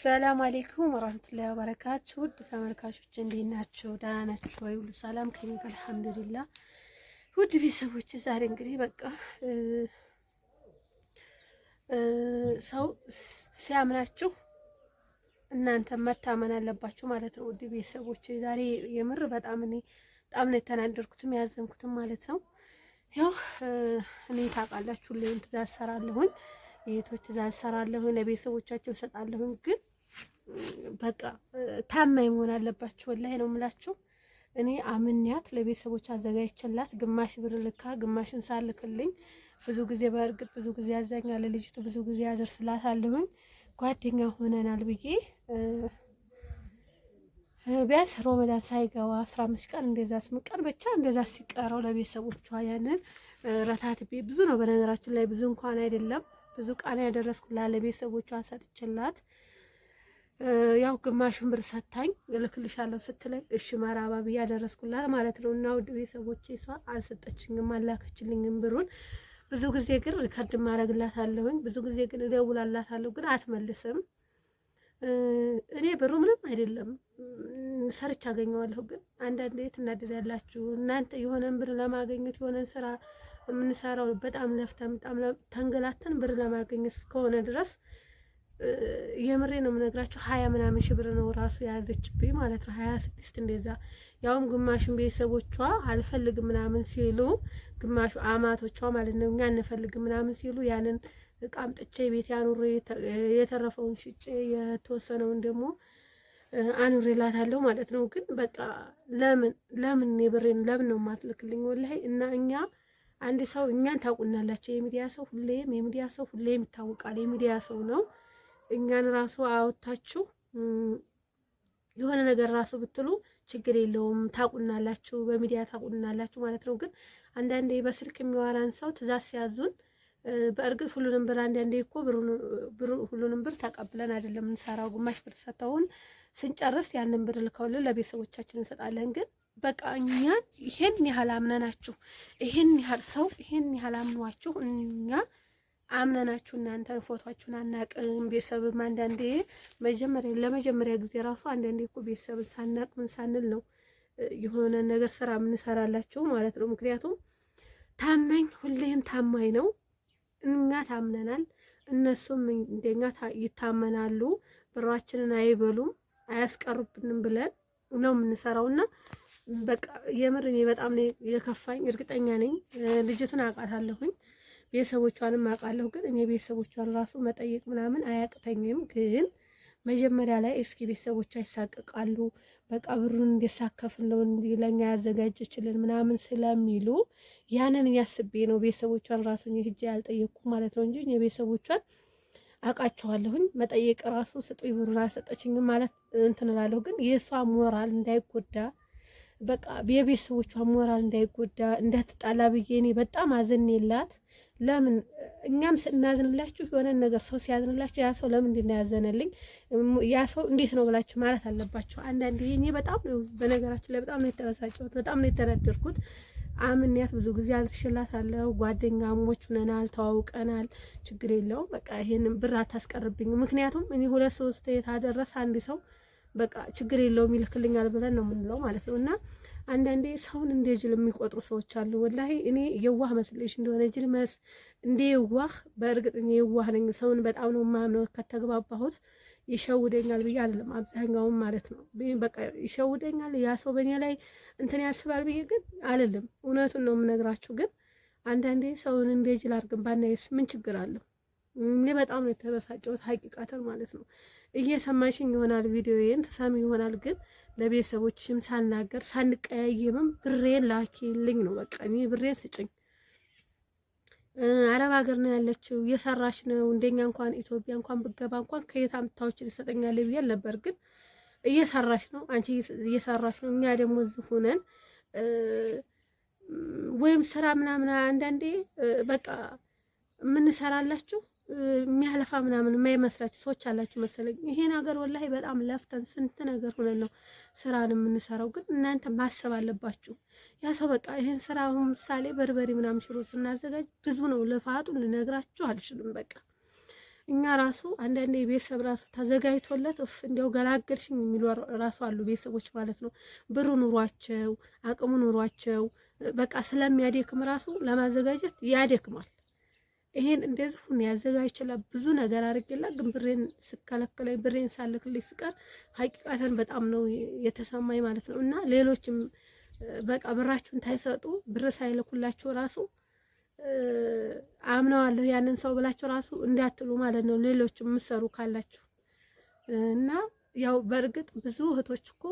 ሰላም አሌይኩም ወራህመቱላሂ ወበረካቱ። ውድ ተመልካቾች እንዴት ናቸው? ደህና ናቸው ወይ? ሁሉ ሰላም ከእኔ ጋር አልሐምዱሊላህ። ውድ ቤተሰቦች ዛሬ እንግዲህ በቃ ሰው ሲያምናችሁ እናንተ መታመን አለባችሁ ማለት ነው። ውድ ቤተሰቦች ዛሬ የምር በጣም እኔ በጣም ነው የተናደርኩትም ያዘንኩትም ማለት ነው። ያው እኔ ታውቃላችሁ፣ ሁሌም ትእዛዝ ሰራለሁኝ የእህቶች ትእዛዝ ሰራለሁ፣ ለቤተሰቦቻቸው እሰጣለሁ። ግን በቃ ታማኝ መሆን አለባችሁ። ወላሂ ነው የምላችሁ። እኔ አምንያት ለቤተሰቦች አዘጋጅቼላት ግማሽ ብር ልካ ግማሽን ሳልክልኝ ብዙ ጊዜ በእርግጥ ብዙ ጊዜ ያዛኛ ለልጅቱ ብዙ ጊዜ ያደርስላታለሁኝ ጓደኛ ሆነናል ብዬ ቢያንስ ሮመዳን ሳይገባ አስራ አምስት ቀን እንደዛ ስምቀር ብቻ እንደዛ ሲቀረው ለቤተሰቦቿ ያንን ረታትቤ ብዙ ነው። በነገራችን ላይ ብዙ እንኳን አይደለም ብዙ ቃል ያደረስኩላት ለቤተሰቦቿን ሰጥቼላት ያው ግማሹን ብር ሰታኝ እልክልሻለሁ ስትለኝ እሺ መራባ ብዬ ያደረስኩላት ማለት ነው። እና ውድ ቤተሰቦቼ እሷ አልሰጠችኝም፣ አላከችልኝም ብሩን። ብዙ ጊዜ ግን ሪከርድ ማድረግላት አለሁኝ፣ ብዙ ጊዜ ግን እደውላላት አለሁ፣ ግን አትመልስም። እኔ ብሩ ምንም አይደለም ሰርች አገኘዋለሁ። ግን አንዳንዴ ትናደዳላችሁ እናንተ የሆነን ብር ለማገኘት የሆነን ስራ የምንሰራው በጣም ለፍተን በጣም ተንገላተን ብር ለማግኘት እስከሆነ ድረስ የምሬ ነው የምነግራችሁ። ሀያ ምናምን ሺ ብር ነው ራሱ የያዘችብኝ ማለት ነው፣ ሀያ ስድስት እንደዛ። ያውም ግማሹን ቤተሰቦቿ አልፈልግም ምናምን ሲሉ፣ ግማሹ አማቶቿ ማለት ነው እኛ እንፈልግ ምናምን ሲሉ ያንን እቃም ጥቼ ቤት አኑሬ የተረፈውን ሽጬ የተወሰነውን ደግሞ ላታለሁ ማለት ነው። ግን በቃ ለምን ለምን የብሬን ለምን ነው ማትልክልኝ? ወላይ እና እኛ አንድ ሰው እኛን ታውቁናላችሁ፣ የሚዲያ ሰው ሁሌም የሚዲያ ሰው ሁሌም ይታወቃል፣ የሚዲያ ሰው ነው። እኛን ራሱ አወታችሁ የሆነ ነገር ራሱ ብትሉ ችግር የለውም፣ ታውቁናላችሁ፣ በሚዲያ ታውቁናላችሁ ማለት ነው። ግን አንዳንዴ በስልክ የሚዋራን ሰው ትእዛዝ ሲያዙን በእርግጥ ሁሉንም ብር አንዳንዴ እኮ ሁሉንም ብር ተቀብለን አይደለም እንሰራው፣ ግማሽ ብር ሰጥተውን ስንጨርስ ያንን ብር ልከውልን ለቤተሰቦቻችን እንሰጣለን ግን በቃ እኛን ይሄን ያህል አምነናችሁ ይሄን ያህል ሰው ይሄን ያህል አምኗችሁ እኛ አምነናችሁ እናንተን ፎቷችሁን አናቅም። ቤተሰብም አንዳንዴ መጀመሪያ ለመጀመሪያ ጊዜ ራሱ አንዳንዴ እኮ ቤተሰብን ሳናቅ ሳንል ነው የሆነ ነገር ስራ የምንሰራላቸው ማለት ነው። ምክንያቱም ታማኝ ሁሌም ታማኝ ነው። እኛ ታምነናል፣ እነሱም እንደኛ ይታመናሉ። ብራችንን አይበሉም፣ አያስቀሩብንም ብለን ነው የምንሰራውና በቃ የምር እኔ በጣም የከፋኝ። እርግጠኛ ነኝ ልጅቱን አውቃታለሁኝ፣ ቤተሰቦቿንም አውቃለሁ። ግን እኔ ቤተሰቦቿን ራሱ መጠየቅ ምናምን አያቅተኝም። ግን መጀመሪያ ላይ እስኪ ቤተሰቦቿ ይሳቀቃሉ በቃ ብሩን እንዲሳከፍለው እንዲ ለኛ ያዘጋጀችልን ምናምን ስለሚሉ ያንን እያስቤ ነው ቤተሰቦቿን ራሱ ሄጄ ያልጠየቅኩ ማለት ነው እንጂ የቤተሰቦቿን አውቃቸዋለሁኝ መጠየቅ ራሱ ስጡ ብሩን አልሰጠችኝም ማለት እንትን እላለሁ። ግን የእሷ ሞራል እንዳይጎዳ በቃ የቤተሰቦቿ ሞራል እንዳይጎዳ እንዳትጣላ ብዬ እኔ በጣም አዝኔላት። ለምን እኛም ስናዝንላችሁ የሆነ ነገር ሰው ሲያዝንላችሁ ያ ሰው ለምንድን ነው ያዘነልኝ ያ ሰው እንዴት ነው ብላችሁ ማለት አለባችሁ። አንዳንድ እኔ በጣም ነው በነገራችን ላይ በጣም ነው የተበሳጨሁት፣ በጣም ነው የተረደርኩት። አምንያት ብዙ ጊዜ አዝርሽላታለሁ። ጓደኛሞች ነናል፣ ተዋውቀናል። ችግር የለውም በቃ ይሄንን ብር አታስቀርብኝ። ምክንያቱም እኔ ሁለት ሶስት የታደረሰ አንድ ሰው በቃ ችግር የለውም ይልክልኛል ብለን ነው የምንለው ማለት ነው። እና አንዳንዴ ሰውን እንደ ጅል የሚቆጥሩ ሰዎች አሉ። ወላሂ እኔ የዋህ መስልሽ እንደሆነ ጅል መስ እንደ የዋህ በእርግጥ እኔ የዋህ ነኝ። ሰውን በጣም ነው የማምነው። ከተግባባሁት ይሸውደኛል ብዬ አይደለም አብዛኛውም ማለት ነው። በቃ ይሸውደኛል፣ ያ ሰው በእኔ ላይ እንትን ያስባል ብዬ ግን አይደለም። እውነቱን ነው የምነግራችሁ። ግን አንዳንዴ ሰውን እንደ ጅል አድርገን ባናየስ ምን ችግር አለው? እኔ በጣም ነው የተበሳጨሁት ሀቂቃተን ማለት ነው። እየሰማሽኝ ይሆናል ቪዲዮዬን ትሰሚ ይሆናል ግን ለቤተሰቦችም ሳልናገር ሳንቀያየምም ብሬን ላኪልኝ ነው በቃ እኔ ብሬን ስጭኝ። አረብ ሀገር ነው ያለችው እየሰራች ነው። እንደኛ እንኳን ኢትዮጵያ እንኳን ብገባ እንኳን ከየት አምታዎች ይሰጠኛል ብያል ነበር። ግን እየሰራች ነው፣ አንቺ እየሰራች ነው። እኛ ደግሞ እዚህ ሆነን ወይም ስራ ምናምን አንዳንዴ በቃ ምን ሰራላችሁ የሚያለፋ ምናምን የማይመስላችሁ ሰዎች አላችሁ መሰለኝ። ይሄ ነገር ወላሂ በጣም ለፍተን ስንት ነገር ሆነን ነው ስራን የምንሰራው። ግን እናንተ ማሰብ አለባችሁ። ያ ሰው በቃ ይህን ስራ አሁን ምሳሌ በርበሬ ምናምን ሽሮ ስናዘጋጅ ብዙ ነው ልፋጡ፣ ልነግራችሁ አልችልም። በቃ እኛ ራሱ አንዳንድ የቤተሰብ ራሱ ተዘጋጅቶለት እፍ እንዲያው ገላገልሽኝ የሚሉ ራሱ አሉ ቤተሰቦች ማለት ነው። ብሩ ኑሯቸው፣ አቅሙ ኑሯቸው በቃ ስለሚያደክም ራሱ ለማዘጋጀት ያደክማል። ይሄን እንደዚሁ ሁን ይችላል ብዙ ነገር አድርጌላ፣ ግን ብሬን ስከለክለኝ ብሬን ሳልክልኝ ስቀር ሀቂቃተን በጣም ነው የተሰማኝ ማለት ነው። እና ሌሎችም በቃ ብራችሁን ታይሰጡ ብር ሳይልኩላችሁ ራሱ አምነዋለሁ ያንን ሰው ብላችሁ ራሱ እንዳትሉ ማለት ነው። ሌሎችም የምትሰሩ ካላችሁ እና ያው በእርግጥ ብዙ እህቶች እኮ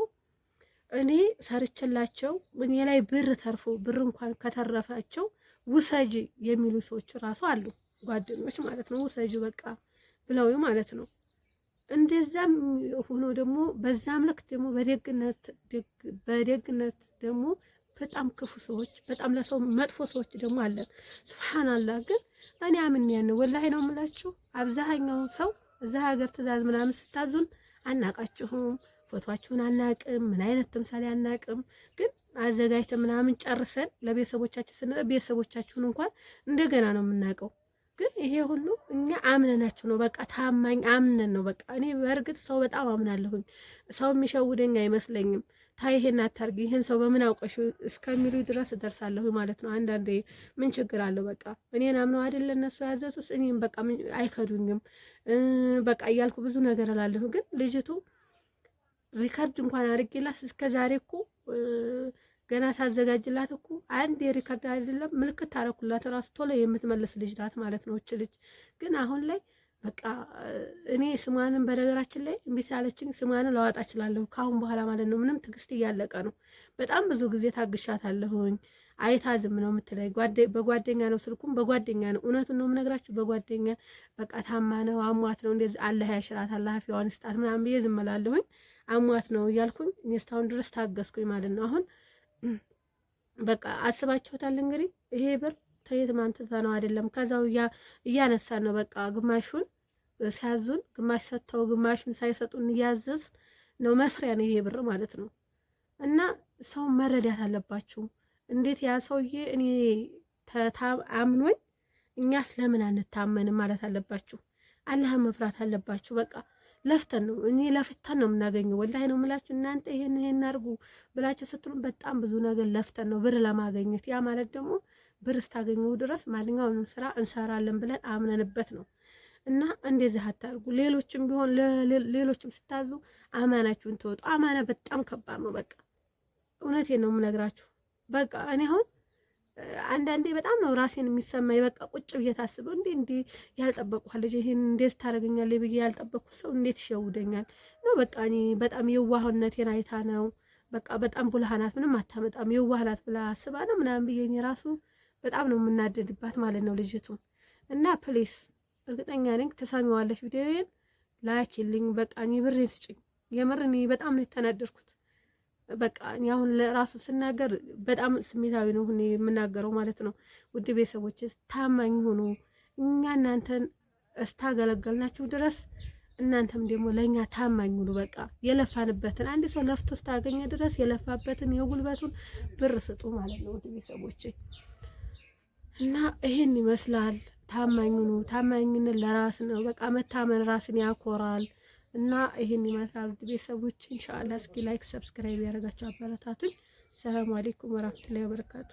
እኔ ሰርችላቸው እኔ ላይ ብር ተርፎ ብር እንኳን ከተረፋቸው ውሰጂ የሚሉ ሰዎች ራሱ አሉ፣ ጓደኞች ማለት ነው። ውሰጂ በቃ ብለው ማለት ነው። እንደዛም ሆኖ ደግሞ በዛ ምልክ ደግሞ በደግነት በደግነት ደግሞ በጣም ክፉ ሰዎች በጣም ለሰው መጥፎ ሰዎች ደግሞ አለን። ስብሓንላህ ግን እኔ አምን ያን ወላሂ ነው የምላችሁ አብዛኛው ሰው እዛ ሀገር ትእዛዝ ምናምን ስታዙን አናቃችሁም ፎቶአችሁን አናቅም፣ ምን አይነት ተምሳሌ አናቅም። ግን አዘጋጅተን ምናምን ጨርሰን ለቤተሰቦቻችን ስነ ቤተሰቦቻችሁን እንኳን እንደገና ነው የምናውቀው። ግን ይሄ ሁሉ እኛ አምነናችሁ ነው። በቃ ታማኝ አምነን ነው። በቃ እኔ በእርግጥ ሰው በጣም አምናለሁኝ። ሰው የሚሸውደኝ አይመስለኝም። ታይ ይሄን አታርግ፣ ይህን ሰው በምን አውቀሽ እስከሚሉ ድረስ እደርሳለሁ ማለት ነው። አንዳንዴ ምን ችግር አለው? በቃ እኔን አምነው አይደለ እነሱ ያዘዙስ፣ እኔም በቃ አይከዱኝም። በቃ እያልኩ ብዙ ነገር እላለሁ። ግን ልጅቱ ሪካርድ እንኳን አድርጌላት እስከ ዛሬ እኮ ገና ሳዘጋጅላት እኮ አንድ የሪካርድ አይደለም ምልክት ታረኩላት ራሱ ቶሎ የምትመለስ ልጅ ናት ማለት ነው። እች ልጅ ግን አሁን ላይ በቃ እኔ ስሟንን በነገራችን ላይ እምቢ አለችኝ። ስሟንን ላወጣ እችላለሁ ከአሁን በኋላ ማለት ነው። ምንም ትግስት እያለቀ ነው። በጣም ብዙ ጊዜ ታግሻታለሁኝ። አይታ ዝም ነው የምትለኝ። በጓደኛ ነው ስልኩም በጓደኛ ነው። እውነቱን ነው የምነግራችሁ። በጓደኛ በቃ ታማ ነው አሟት ነው እንደዚህ አላህ ያሽራት አላህ ፊዋን ስጣት ምናምን ብዬ ዝም እላለሁኝ። አሟት ነው እያልኩኝ እስካሁን ድረስ ታገስኩኝ ማለት ነው። አሁን በቃ አስባችሁታል እንግዲህ ይሄ ብር ተየትም አምጥታ ነው አይደለም። ከዛው እያነሳን ነው በቃ ግማሹን ሲያዙን ግማሽ ሰጥተው ግማሹን ሳይሰጡን እያዘዝ ነው መስሪያ ነው ይሄ ብር ማለት ነው። እና ሰው መረዳት አለባችሁ። እንዴት ያ ሰውዬ እኔ አምኖኝ እኛስ ለምን አንታመንም ማለት አለባችሁ። አላህን መፍራት አለባችሁ። በቃ ለፍተን ነው እኔ ለፍተን ነው የምናገኘው። ወላሂ ነው የምላችሁ። እናንተ ይሄን ይሄን አድርጉ ብላችሁ ስትሉን በጣም ብዙ ነገር ለፍተን ነው ብር ለማገኘት። ያ ማለት ደግሞ ብር እስታገኘው ድረስ ማንኛውንም ስራ እንሰራለን ብለን አምነንበት ነው። እና እንደዚህ አታርጉ። ሌሎችም ቢሆን ሌሎችም ስታዙ አማናችሁን ተወጡ። አማና በጣም ከባድ ነው። በቃ እውነቴን ነው የምነግራችሁ። በቃ እኔ አሁን አንዳንዴ በጣም ነው ራሴን የሚሰማኝ። በቃ ቁጭ ብዬ ታስበው እንዴ እንዴ ያልጠበቅኳል ልጅ ይህን እንዴት ታደርገኛለች ብዬ ያልጠበቅኩት ሰው እንዴት ይሸውደኛል ነው። በቃ እኔ በጣም የዋህነቴን አይታ ነው በቃ በጣም ቡልሃናት ምንም አታመጣም የዋህናት ብላ አስባ ነው ምናምን ብዬኝ ራሱ በጣም ነው የምናደድባት ማለት ነው ልጅቱ እና ፕሌስ እርግጠኛ ነኝ ትሰሚዋለሽ ቪዲዮዬን ላኪልኝ። በቃ እኔ ብሬን ስጭኝ። የምር እኔ በጣም ነው የተናደድኩት። በቃ እኔ አሁን ለራሱ ስናገር በጣም ስሜታዊ ነው የምናገረው ማለት ነው። ውድ ቤተሰቦች ታማኝ ሆኖ እኛ እናንተን እስታገለገልናችሁ ድረስ እናንተም ደግሞ ለእኛ ታማኝ ሁኑ። በቃ የለፋንበትን አንድ ሰው ለፍቶ እስታገኘ ድረስ የለፋበትን የጉልበቱን ብር ስጡ ማለት ነው። ውድ ቤተሰቦች እና ይህን ይመስላል። ታማኝ ሁኑ። ታማኝነት ለራስ ነው። በቃ መታመን ራስን ያኮራል። እና ይህን ይመስላል ቤተሰቦች። ኢንሻአላ እስኪ ላይክ፣ ሰብስክራይብ ያደረጋቸው አበረታቱኝ። ሰላም አለይኩም ወራህመቱላሂ ወበረካቱ።